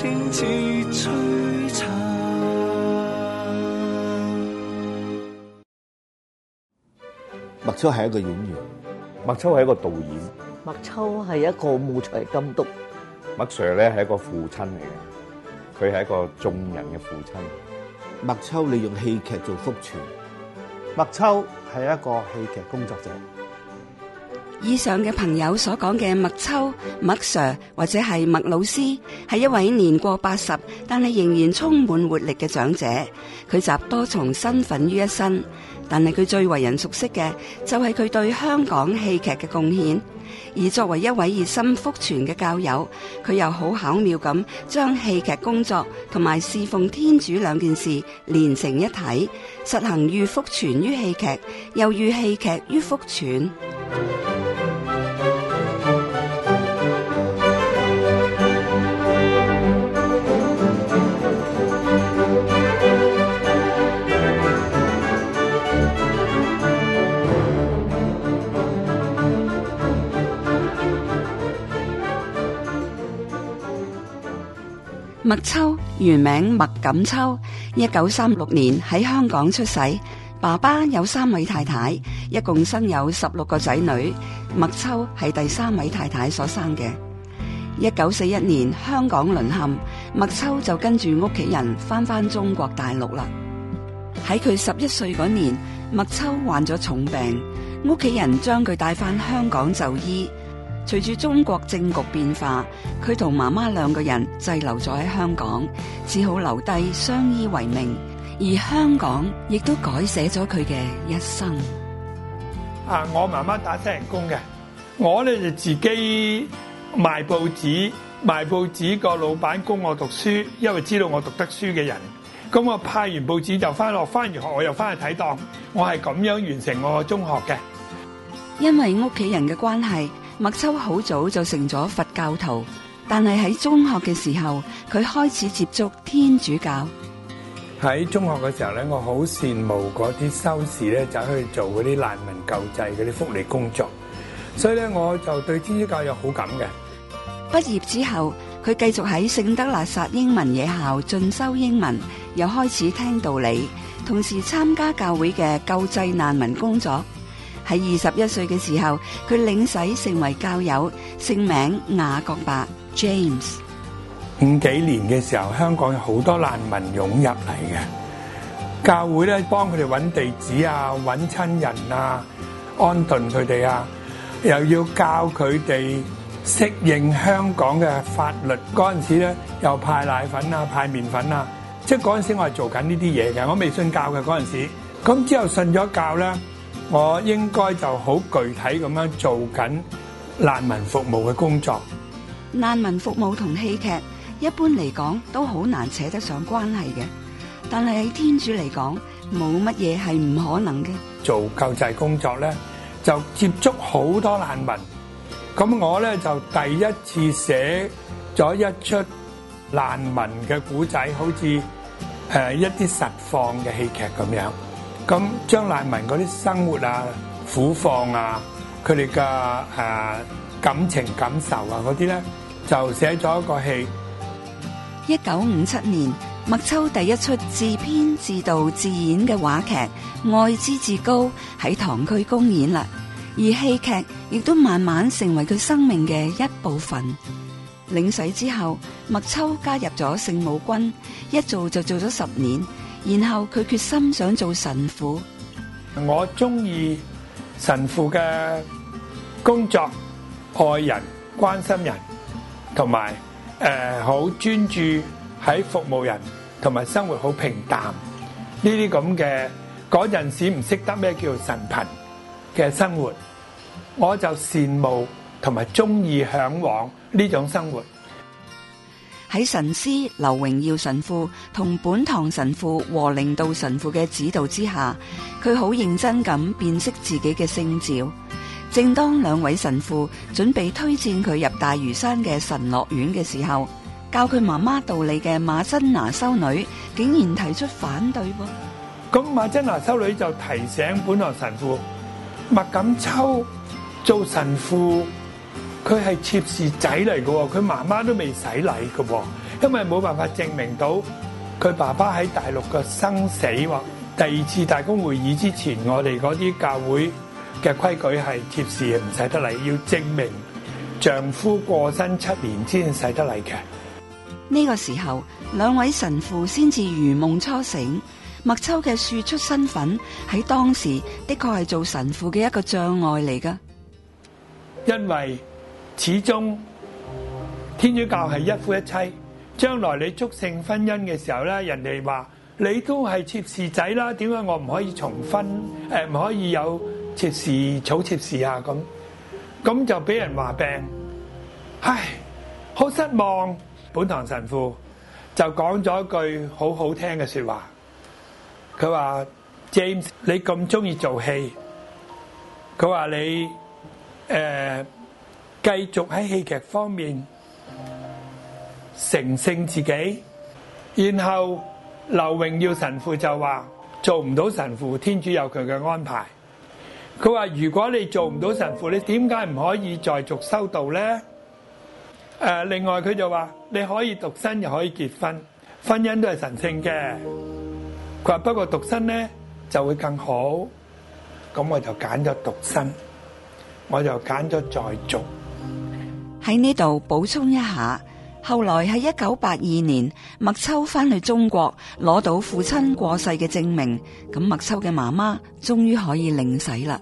麥秋係一個演員，麥秋係一個導演，麥秋係一個舞台監督，麥 Sir 咧係一個父親嚟嘅，佢係一個眾人嘅父親。麥秋利用戲劇做福傳，麥秋係一個戲劇工作者。以上嘅朋友所講嘅麥秋、麥 Sir 或者係麥老師，係一位年過八十但係仍然充滿活力嘅長者。佢集多重身份於一身，但係佢最為人熟悉嘅就係、是、佢對香港戲劇嘅貢獻。而作為一位熱心福傳嘅教友，佢又好巧妙咁將戲劇工作同埋侍奉天主兩件事連成一體，實行預福傳於戲劇，又預戲劇於福傳。麥秋原名麥錦秋，一九三六年喺香港出世。爸爸有三位太太，一共生有十六個仔女。麥秋係第三位太太所生嘅。一九四一年香港淪陷，麥秋就跟住屋企人返返中國大陸啦。喺佢十一歲嗰年，麥秋患咗重病，屋企人將佢帶返香港就醫。隨住中國政局變化，佢同媽媽兩個人滯留咗喺香港，只好留低相依為命。而香港亦都改寫咗佢嘅一生。啊，我媽媽打西人工嘅，我呢就自己賣報紙，賣報紙個老闆供我讀書，因為知道我讀得書嘅人。咁我派完報紙就翻學，翻完學我又翻去睇檔，我係咁樣完成我個中學嘅。因為屋企人嘅關係。麥秋好早就成咗佛教徒，但係喺中學嘅時候，佢開始接觸天主教。喺中學嘅時候咧，我好羨慕嗰啲修士咧就去做嗰啲難民救濟嗰啲福利工作，所以咧我就對天主教有好感嘅。畢業之後，佢繼續喺聖德拉薩英文夜校進修英文，又開始聽道理，同時參加教會嘅救濟難民工作。喺二十一歲嘅時候，佢領洗成為教友，姓名雅各伯 James。五幾年嘅時候，香港有好多難民湧入嚟嘅，教會咧，幫佢哋搵地址啊、搵親人啊、安頓佢哋啊，又要教佢哋適應香港嘅法律。嗰陣時咧，又派奶粉啊、派麵粉啊，即係嗰陣時我係做緊呢啲嘢嘅，我未信教嘅嗰陣時。咁之後信咗教咧。我應該就好具體咁樣做緊難民服務嘅工作。難民服務同戲劇一般咁張賴文嗰啲生活啊、苦況啊、佢哋嘅誒感情感受啊嗰啲咧，就寫咗一個戲。一九五七年，麥秋第一出自編自導自演嘅話劇《愛之至高》喺唐區公演啦。而戲劇亦都慢慢成為佢生命嘅一部分。領水之後，麥秋加入咗聖母軍，一做就做咗十年。然後佢決心想做神父。我中意神父嘅工作，愛人關心人，同埋誒好專注喺服務人，同埋生活好平淡呢啲，咁嘅嗰陣時唔識得咩叫做神貧嘅生活，我就羨慕同埋中意向往呢種生活。喺神師劉榮耀神父同本堂神父和領導神父嘅指導之下，佢好認真咁辨識自己嘅聖召。正當兩位神父準備推薦佢入大嶼山嘅神樂院嘅時候，教佢媽媽道理嘅馬珍娜修女竟然提出反對。咁馬珍娜修女就提醒本堂神父，麥錦秋做神父。佢係妾侍仔嚟噶，佢媽媽都未洗禮噶，因為冇辦法證明到佢爸爸喺大陸嘅生死。第二次大公會議之前，我哋嗰啲教會嘅規矩係妾侍唔洗得禮，要證明丈夫過身七年先洗得禮嘅。呢個時候，兩位神父先至如夢初醒。麥秋嘅庶出身份喺當時的確係做神父嘅一個障礙嚟噶，因為。始終天主教係一夫一妻，將來你祝聖婚姻嘅時候咧，人哋話你都係妾侍仔啦，點解我唔可以重婚？誒，唔可以有妾侍、草妾侍啊？咁咁就俾人話病，唉，好失望。本堂神父就講咗一句好好聽嘅說話，佢話 James，你咁中意做戲，佢話你誒。繼續喺戲劇方面成聖自己，然後劉榮耀神父就話做唔到神父，天主有佢嘅安排。佢話如果你做唔到神父，你點解唔可以在俗修道咧？誒，另外佢就話你可以獨身又可以結婚，婚姻都係神聖嘅。佢話不過獨身咧就會更好，咁我就揀咗獨身，我就揀咗在俗。喺呢度補充一下，後來喺一九八二年，麥秋翻去中國攞到父親過世嘅證明，咁麥秋嘅媽媽終於可以領死啦，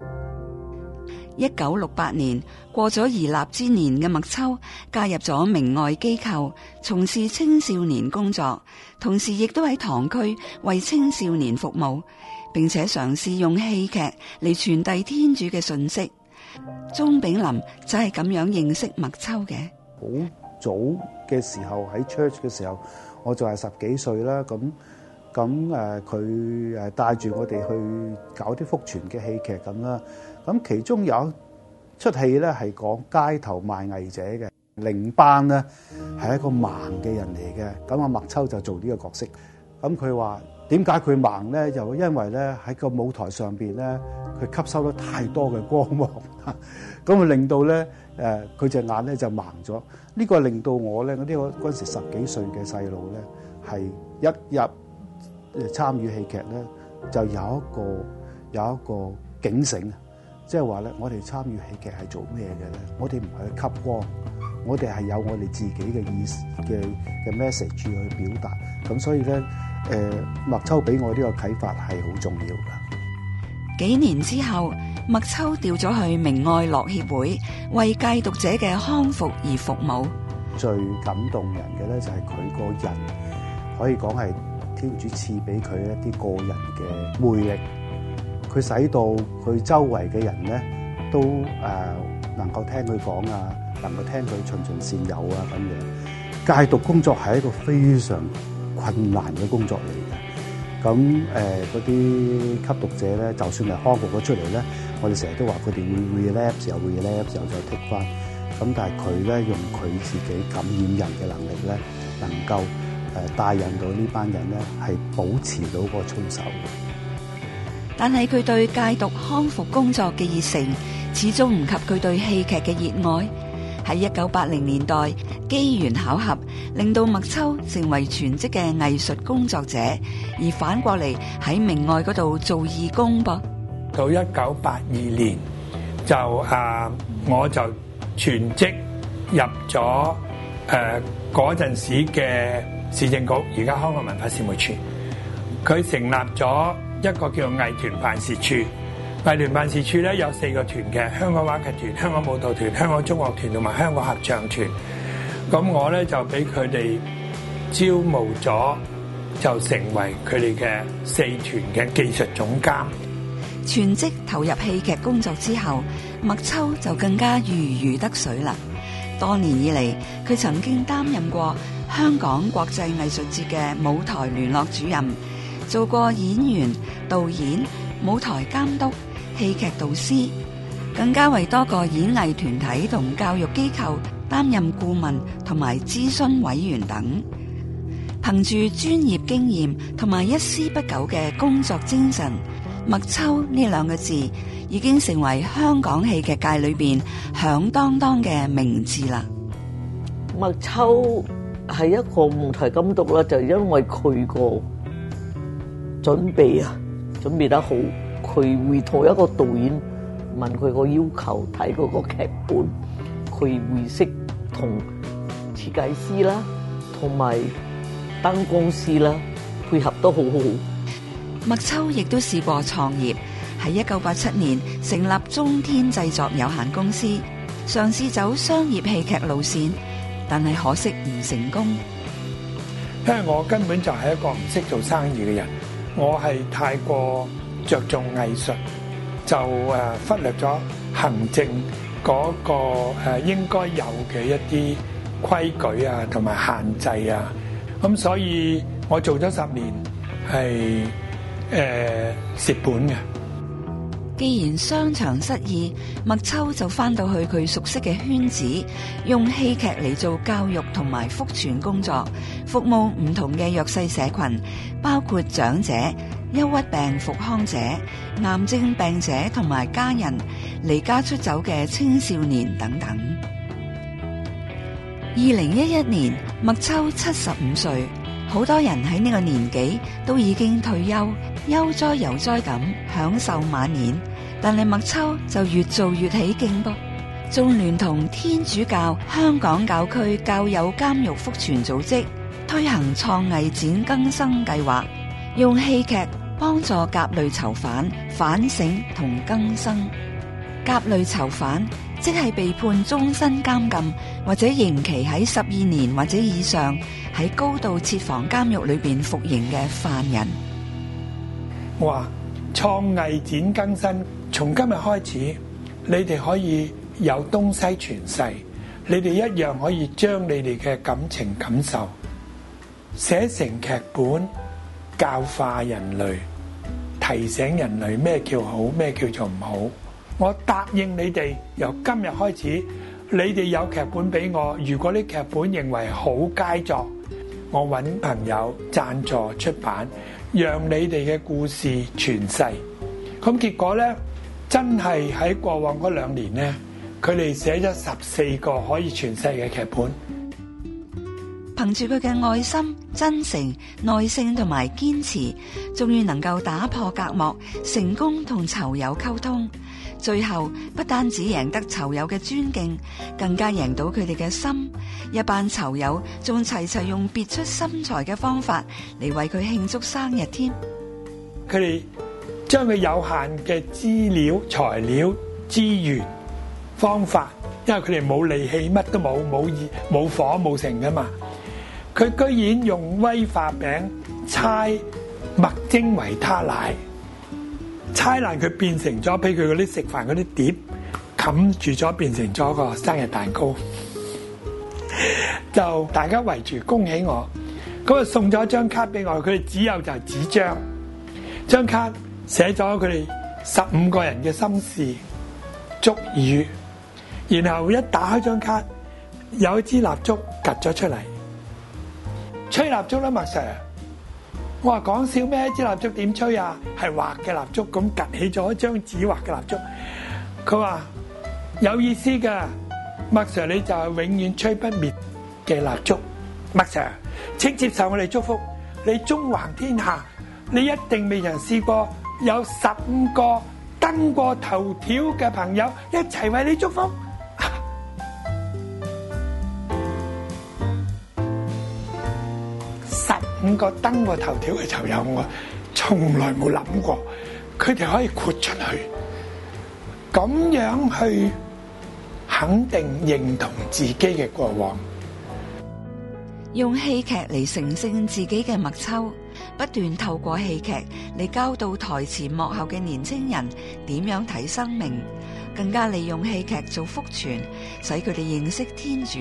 領洗。一九六八年，過咗而立之年嘅麥秋加入咗明愛機構，從事青少年工作，同時亦都喺堂區為青少年服務，並且嘗試用戲劇嚟傳遞天主嘅訊息。。鍾炳林就係咁樣認識麥秋嘅，好早嘅時候喺 church 點解佢盲咧？就因為咧喺個舞台上邊咧，佢吸收咗太多嘅光芒，咁啊令到咧誒佢隻眼咧就盲咗。呢個令到我咧嗰啲我嗰陣時十幾歲嘅細路咧，係一入參與戲劇咧，就有一個有一個警醒，即係話咧，我哋參與戲劇係做咩嘅咧？我哋唔係去吸光，我哋係有我哋自己嘅意思嘅嘅 message 去表達。咁所以咧。誒，麥秋俾我呢個啟發係好重要噶。幾年之後，麥秋調咗去明愛樂協會，為戒毒者嘅康復而服務。最感動人嘅咧，就係佢個人可以講係天主賜俾佢一啲個人嘅魅力，佢使到佢周圍嘅人咧都誒能夠聽佢講啊，能夠聽佢循循善誘啊咁樣。戒毒工作係一個非常。困難嘅工作嚟嘅，咁誒嗰啲吸毒者咧，就算係康復咗出嚟咧，我哋成日都話佢哋會 relapse，有 relapse 時候再跌翻。咁但係佢咧用佢自己感染人嘅能力咧，能夠誒帶引到呢班人咧係保持到個操守。但係佢對戒毒康復工作嘅熱誠，始終唔及佢對戲劇嘅熱愛。喺一九八零年代，機緣巧合令到麥秋成為全職嘅藝術工作者，而反過嚟喺明愛嗰度做義工噃。到一九八二年就啊，我就全職入咗誒嗰陣時嘅市政局，而家香港文化事務處，佢成立咗一個叫做藝團辦事處。藝聯辦事處咧有四個團嘅，香港話劇團、香港舞蹈團、香港中樂團同埋香港合唱團。咁我咧就俾佢哋招募咗，就成為佢哋嘅四團嘅技術總監。全職投入戲劇工作之後，麥秋就更加如魚得水啦。多年以嚟，佢曾經擔任過香港國際藝術節嘅舞台聯絡主任，做過演員、導演、舞台監督。戲劇導師，更加為多個演藝團體同教育機構擔任顧問同埋諮詢委員等，憑住專業經驗同埋一絲不苟嘅工作精神，麥秋呢兩個字已經成為香港戲劇界裏邊響噹噹嘅名字啦。麥秋係一個舞台監督啦，就係、因為佢個準備啊，準備得好。佢會同一個導演問佢個要求，睇嗰個劇本，佢會識同設計師啦，同埋燈光師啦，配合得好好。麥秋亦都試過創業，喺一九八七年成立中天製作有限公司，嘗試走商業戲劇路線，但係可惜唔成功。因為我根本就係一個唔識做生意嘅人，我係太過，着重藝術就誒忽略咗行政嗰個誒應該有嘅一啲規矩啊，同埋限制啊。咁所以我做咗十年係誒蝕本嘅。既然商場失意，麥秋就翻到去佢熟悉嘅圈子，用戲劇嚟做教育同埋福傳工作，服務唔同嘅弱勢社群，包括長者。憂鬱病復康者、癌症病者同埋家人、離家出走嘅青少年等等。二零一一年，麥秋七十五歲，好多人喺呢個年紀都已經退休，悠哉悠哉咁享受晚年。但係麥秋就越做越起勁噃。仲聯同天主教香港教區教友監獄福傳組織推行創藝展更生計劃，用戲劇。幫助甲類囚犯反省同更生甲類囚犯即係被判終身監禁或者刑期喺十二年或者以上喺高度設防監獄裏面服刑嘅犯人哇,創藝展更生從今日開始你哋可以有東西傳世你哋一樣可以將你哋嘅感情感受寫成劇本教化人類提醒人類。憑住佢嘅愛心、真誠、耐性同埋堅持，終於能夠打破隔膜，成功同囚友溝通。最後不單止贏得囚友嘅尊敬，更加贏到佢哋嘅心。一班囚友仲齊齊用別出心裁嘅方法嚟為佢慶祝生日添。佢哋將佢有限嘅資料、材料、資源、方法，因為佢哋冇利器，乜都冇，冇熱、冇火、冇成噶嘛。佢居然用威化餅搓麥精維他奶，搓爛佢變成咗，俾佢嗰啲食飯嗰啲碟冚住咗，變成咗個生日蛋糕。 就大家圍住恭喜我，嗰日送咗一張卡俾我，佢哋只有就係紙張，張卡寫咗佢哋十五個人嘅心事、祝語，然後一打開張卡，有一支蠟燭夾咗出嚟。吹蠟燭啦，麥 Sir！我話講笑咩？支蠟燭點吹啊？係畫嘅蠟燭咁，夾起咗一張紙畫嘅蠟燭。佢話有意思噶，麥 Sir 你就係永遠吹不滅嘅蠟燭，麥 Sir 請接受我哋祝福。你中橫天下，你一定未人試過有十五個登過頭條嘅朋友一齊為你祝福。五個登過頭條嘅囚友，我從來冇諗過佢哋可以豁出去，咁樣去肯定認同自己嘅過往，用戲劇嚟成聖自己嘅麥秋，不斷透過戲劇嚟教到台前幕後嘅年青人點樣睇生命，更加利用戲劇做福傳，使佢哋認識天主。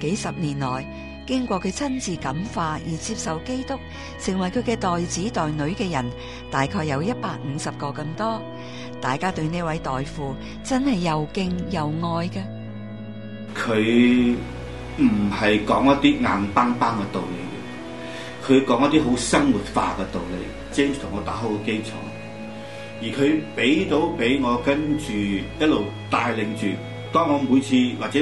幾十年來。經過佢親自感化而接受基督，成為佢嘅代子代女嘅人，大概有一百五十個咁多。大家對呢位代父真係又敬又愛嘅。佢唔係講一啲硬邦邦嘅道理，佢講一啲好生活化嘅道理，即係同我打好基礎。而佢俾到俾我跟住一路帶領住，當我每次或者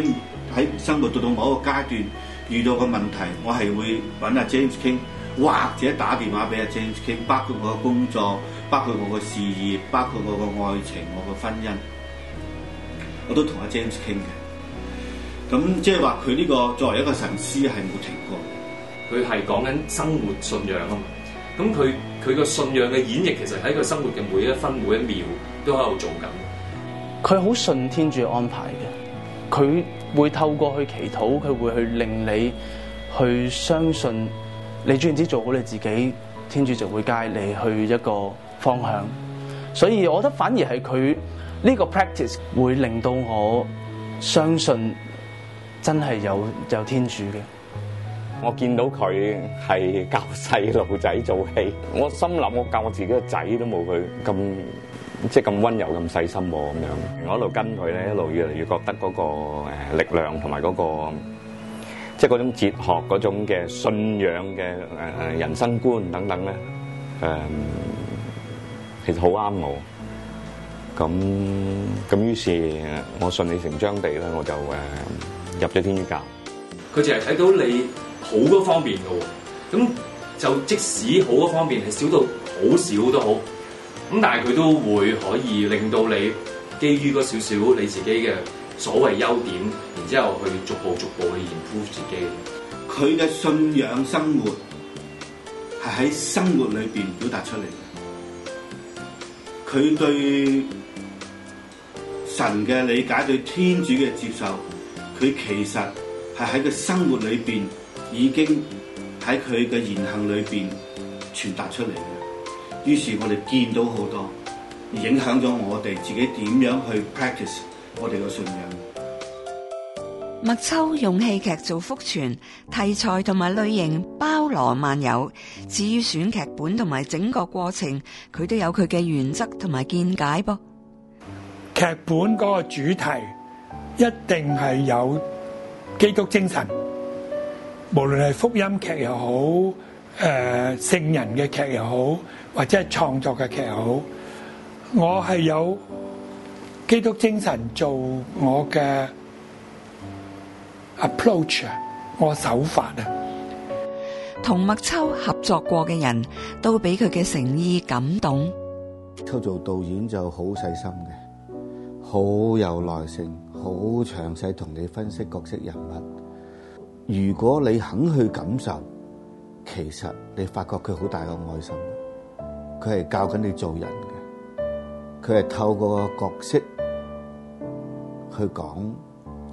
喺生活做到某一個階段。遇到個問題，我係會揾阿 James 傾，或者打電話俾阿 James 傾。包括我嘅工作，包括我嘅事業，包括我嘅愛情、我嘅婚姻，我都同阿 James 傾嘅。咁即係話佢呢個作為一個神師係冇停過，佢係講緊生活信仰啊嘛。咁佢佢個信仰嘅演繹其實喺佢生活嘅每一分每一秒都喺度做緊。佢好順天主安排嘅，佢。會透過去祈禱，佢會去令你去相信，你總之做好你自己，天主就會帶你去一個方向。所以我覺得反而係佢呢個 practice 會令到我相信真係有有天主嘅。我見到佢係教細路仔做戲，我心諗我教我自己嘅仔都冇佢咁。即係咁溫柔、咁細心咁樣，我一路跟佢咧，一路越嚟越覺得嗰個誒力量同埋嗰個即係嗰種哲學、嗰種嘅信仰嘅誒人生觀等等咧，誒其實好啱我。咁咁於是，我順理成章地咧，我就誒入咗天主教。佢淨係睇到你好嗰方面嘅喎，咁就即使好嗰方面係少到好少都好。咁但係佢都會可以令到你基於少少你自己嘅所謂優點，然之後去逐步逐步去 improve 自己。佢嘅信仰生活係喺生活裏邊表達出嚟嘅。佢對神嘅理解，對天主嘅接受，佢其實係喺佢生活裏邊，已經喺佢嘅言行裏邊傳達出嚟嘅。於是我哋見到好多，影響咗我哋自己點樣去 practice 我哋嘅信仰。麥秋用戲劇做福傳題材同埋類型包羅萬有，至於選劇本同埋整個過程，佢都有佢嘅原則同埋見解噃。劇本嗰個主題一定係有基督精神，無論係福音劇又好，誒、呃、聖人嘅劇又好。或者係創作嘅劇好，我係有基督精神做我嘅 approach，我手法啊。同麥秋合作過嘅人都俾佢嘅誠意感動。秋做導演就好細心嘅，好有耐性，好詳細同你分析角色人物。如果你肯去感受，其實你發覺佢好大嘅愛心。佢係教緊你做人嘅，佢係透過個角色去講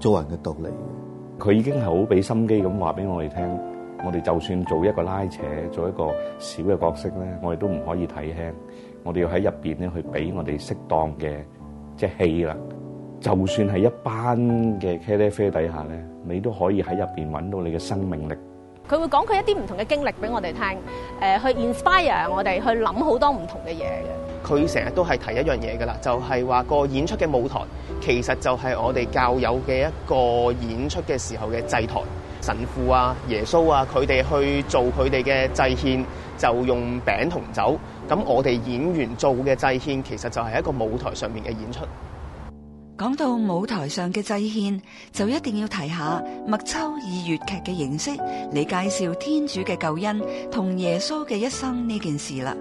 做人嘅道理嘅。佢已經係好俾心機咁話俾我哋聽，我哋就算做一個拉扯，做一個小嘅角色咧，我哋都唔可以睇輕，我哋要喺入邊咧去俾我哋適當嘅即係戲啦。就算係一班嘅茄喱啡底下咧，你都可以喺入邊揾到你嘅生命力。佢會講佢一啲唔同嘅經歷俾我哋聽，呃，去 inspire 我哋去諗好多唔同嘅嘢嘅。佢成日都係提一樣嘢㗎啦，就係話個演出嘅舞台其實就係我哋教友嘅一個演出嘅時候嘅祭台。神父啊、耶穌啊，佢哋去做佢哋嘅祭獻就用餅同酒。咁我哋演員做嘅祭獻其實就係一個舞台上面嘅演出。講到舞台上嘅祭獻，就一定要提下麥秋以粵劇嘅形式嚟介紹天主嘅救恩同耶穌嘅一生呢件事啦。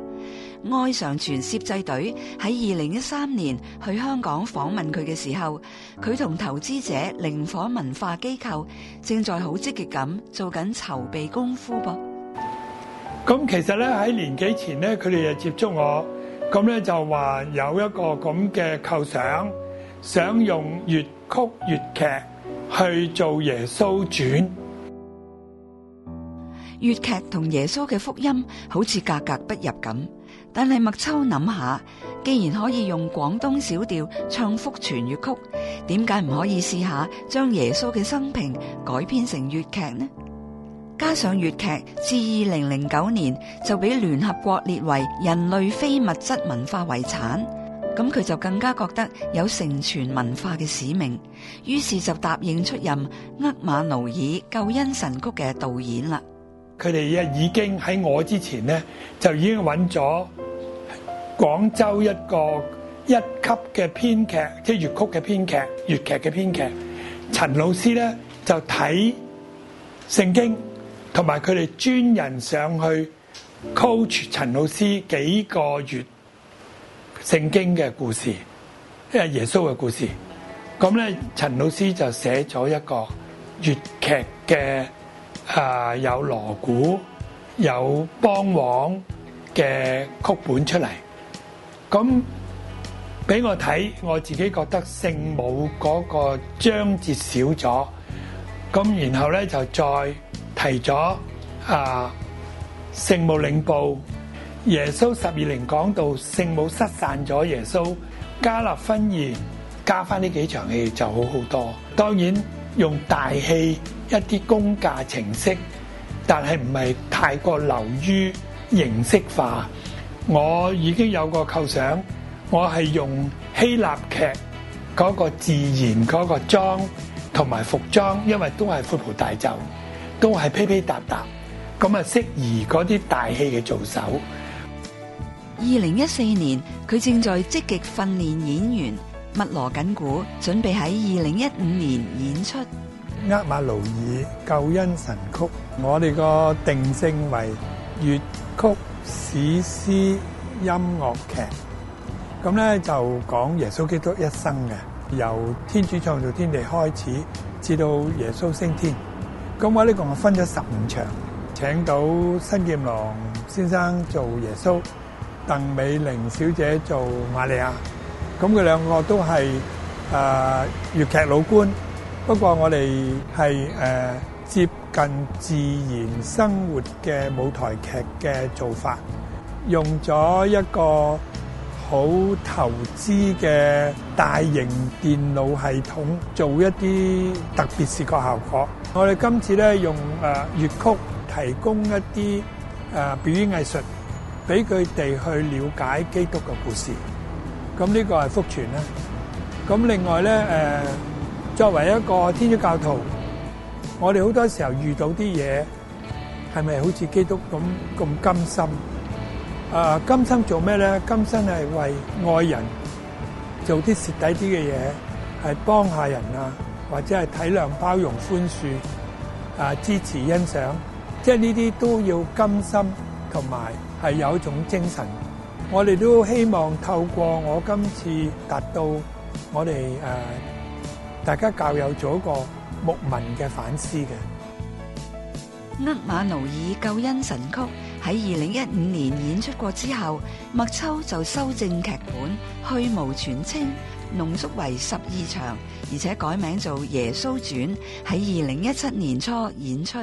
愛上傳攝製隊喺二零一三年去香港訪問佢嘅時候，佢同投資者靈火文化機構正在好積極咁做緊籌備功夫噃。咁其實咧，喺年幾前咧，佢哋就接觸我，咁咧就話有一個咁嘅構想。想用粵曲粵劇去做耶穌傳，粵劇同耶穌嘅福音好似格格不入咁。但係麥秋諗下，既然可以用廣東小調唱福傳粵曲，點解唔可以試下將耶穌嘅生平改編成粵劇呢？加上粵劇自二零零九年就俾聯合國列為人類非物質文化遺產。咁佢就更加覺得有成全文化嘅使命，於是就答應出任厄馬努爾救恩神曲嘅導演啦。佢哋啊已經喺我之前咧就已經揾咗廣州一個一級嘅編劇，即係粵曲嘅編劇、粵劇嘅編劇。陳老師咧就睇聖經，同埋佢哋專人上去 coach 陳老師幾個月。聖經嘅故事，即係耶穌嘅故事。咁咧，陳老師就寫咗一個粵劇嘅啊，有鑼鼓、有梆簧嘅曲本出嚟。咁俾我睇，我自己覺得聖母嗰個章節少咗。咁然後咧就再提咗啊聖母領報。耶穌十二齡講道、聖母失散咗耶穌、加納婚宴，加翻呢幾場戲就好好多。當然用大戲一啲功架程式，但係唔係太過流於形式化。我已經有個構想，我係用希臘劇嗰個自然嗰個裝同埋服裝，因為都係闊袍大袖，都係披披搭搭，咁啊適宜嗰啲大戲嘅做手。二零一四年，佢正在積極訓練演員，密鑼緊鼓，準備喺二零一五年演出《厄馬奴爾救恩神曲》。我哋個定性為粵曲史詩音樂劇，咁咧就講耶穌基督一生嘅，由天主創造天地開始，至到耶穌升天。咁我呢共分咗十五場，請到新劍郎先生做耶穌。鄧美玲小姐做瑪利亞，咁佢兩個都係誒粵劇老倌，不過我哋係誒接近自然生活嘅舞台劇嘅做法，用咗一個好投資嘅大型電腦系統做一啲特別視覺效果。我哋今次咧用誒粵、呃、曲提供一啲誒、呃、表演藝術。俾佢哋去了解基督嘅故事，咁呢個係福傳啦。咁另外咧，誒，作為一個天主教徒，我哋好多時候遇到啲嘢，係咪好似基督咁咁甘心？啊，甘心做咩咧？甘心係為愛人做啲蝕底啲嘅嘢，係幫下人啊，或者係體諒、包容、寬恕啊、支持、欣賞，即係呢啲都要甘心。同埋係有一種精神，我哋都希望透過我今次達到我哋、呃、大家教有咗一個牧民嘅反思嘅。厄馬奴爾救恩神曲喺二零一五年演出過之後，麥秋就修正劇本，去蕪存菁，濃縮為十二場，而且改名做《耶穌傳》，喺二零一七年初演出。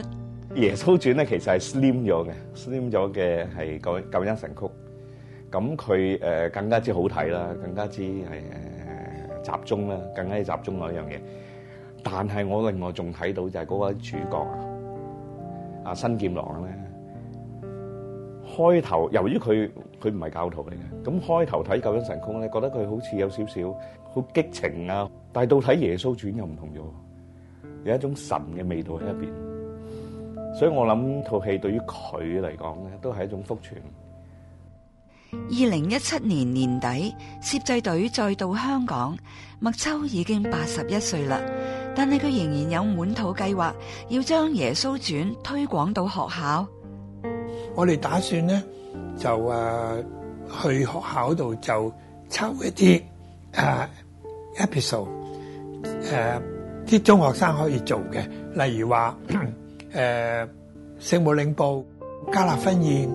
耶穌傳咧，其實係 slim 咗嘅，slim 咗嘅係救救恩神曲，咁佢誒更加之好睇啦，更加之係誒集中啦，更加集中嗰樣嘢。但係我另外仲睇到就係嗰位主角啊，阿新劍郎咧，開頭由於佢佢唔係教徒嚟嘅，咁開頭睇《救恩神曲》咧，覺得佢好似有少少好激情啊，但係到睇《耶穌傳》又唔同咗，有一種神嘅味道喺入邊。所以我諗套戲對於佢嚟講咧，都係一種福傳。二零一七年年底，攝製隊再到香港，麥秋已經八十一歲啦，但係佢仍然有滿肚計劃，要將《耶穌傳》推廣到學校。我哋打算咧，就誒、啊、去學校度就抽一啲誒、啊、episode，誒、啊、啲中學生可以做嘅，例如話。 誒、呃、聖母領報、加納婚宴、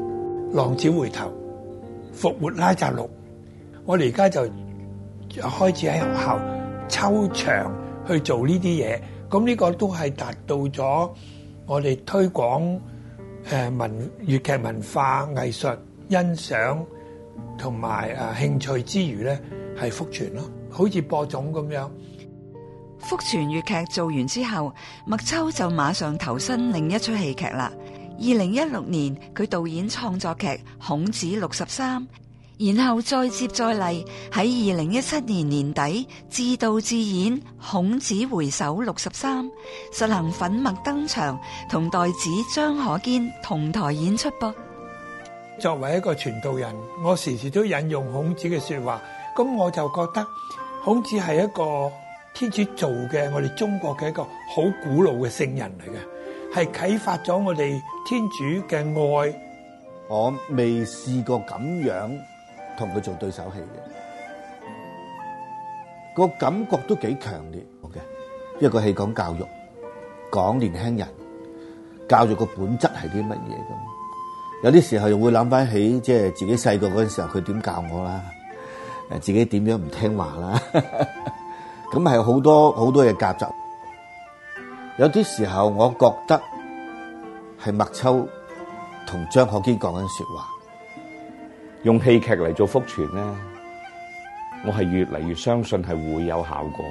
浪子回頭、復活拉撒路，我哋而家就開始喺學校抽場去做呢啲嘢，咁、嗯、呢、這個都係達到咗我哋推廣誒、呃、文粵劇文化藝術欣賞同埋誒興趣之餘咧，係復傳咯，好似播種咁樣。福傳粵劇做完之後，麥秋就馬上投身另一出戲劇啦。二零一六年佢導演創作劇《孔子六十三》，然後再接再厲，喺二零一七年年底自導自演《孔子回首六十三》，實行粉墨登場，同代子張可堅同台演出噃。作為一個傳道人，我時時都引用孔子嘅說話，咁我就覺得孔子係一個。天主做嘅，我哋中國嘅一個好古老嘅聖人嚟嘅，係啟發咗我哋天主嘅愛。我未試過咁樣同佢做對手戲嘅，個感覺都幾強烈。好嘅，因為個戲講教育，講年輕人，教育嘅本質係啲乜嘢咁。有啲時候又會諗翻起，即係自己細個嗰陣時候佢點教我啦，誒，自己點樣唔聽話啦。咁係好多好多嘢夾雜，有啲時候我覺得係麥秋同張學堅講緊說話，用戲劇嚟做福傳咧，我係越嚟越相信係會有效果，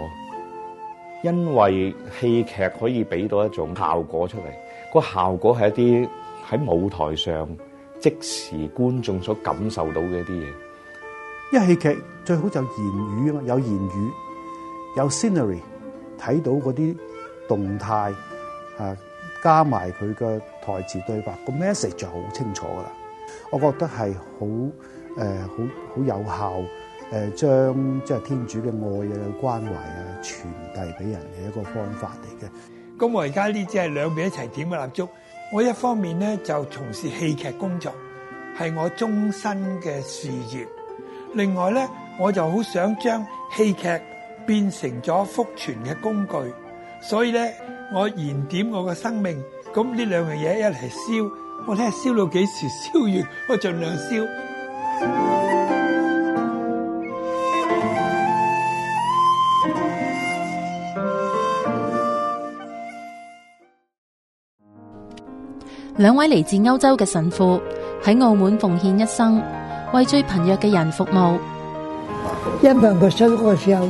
因為戲劇可以俾到一種效果出嚟，個效果係一啲喺舞台上即時觀眾所感受到嘅一啲嘢，一戲劇最好就言語啊嘛，有言語。有 scenery，睇到嗰啲動態啊，加埋佢嘅台詞對白，個 message 就好清楚噶啦。我覺得係好誒好好有效誒將即係天主嘅愛嘅關懷啊傳遞俾人嘅一個方法嚟嘅。咁我而家呢只係兩邊一齊點嘅蠟燭。我一方面咧就從事戲劇工作，係我終身嘅事業，另外咧，我就好想將戲劇。變成咗福傳嘅工具，所以咧我燃點我嘅生命，咁呢兩樣嘢一齊燒，我睇下燒到幾時燒完，我盡量燒。兩位嚟自歐洲嘅神父喺澳門奉獻一生，為最貧弱嘅人服務。因為佢想嗰個燒。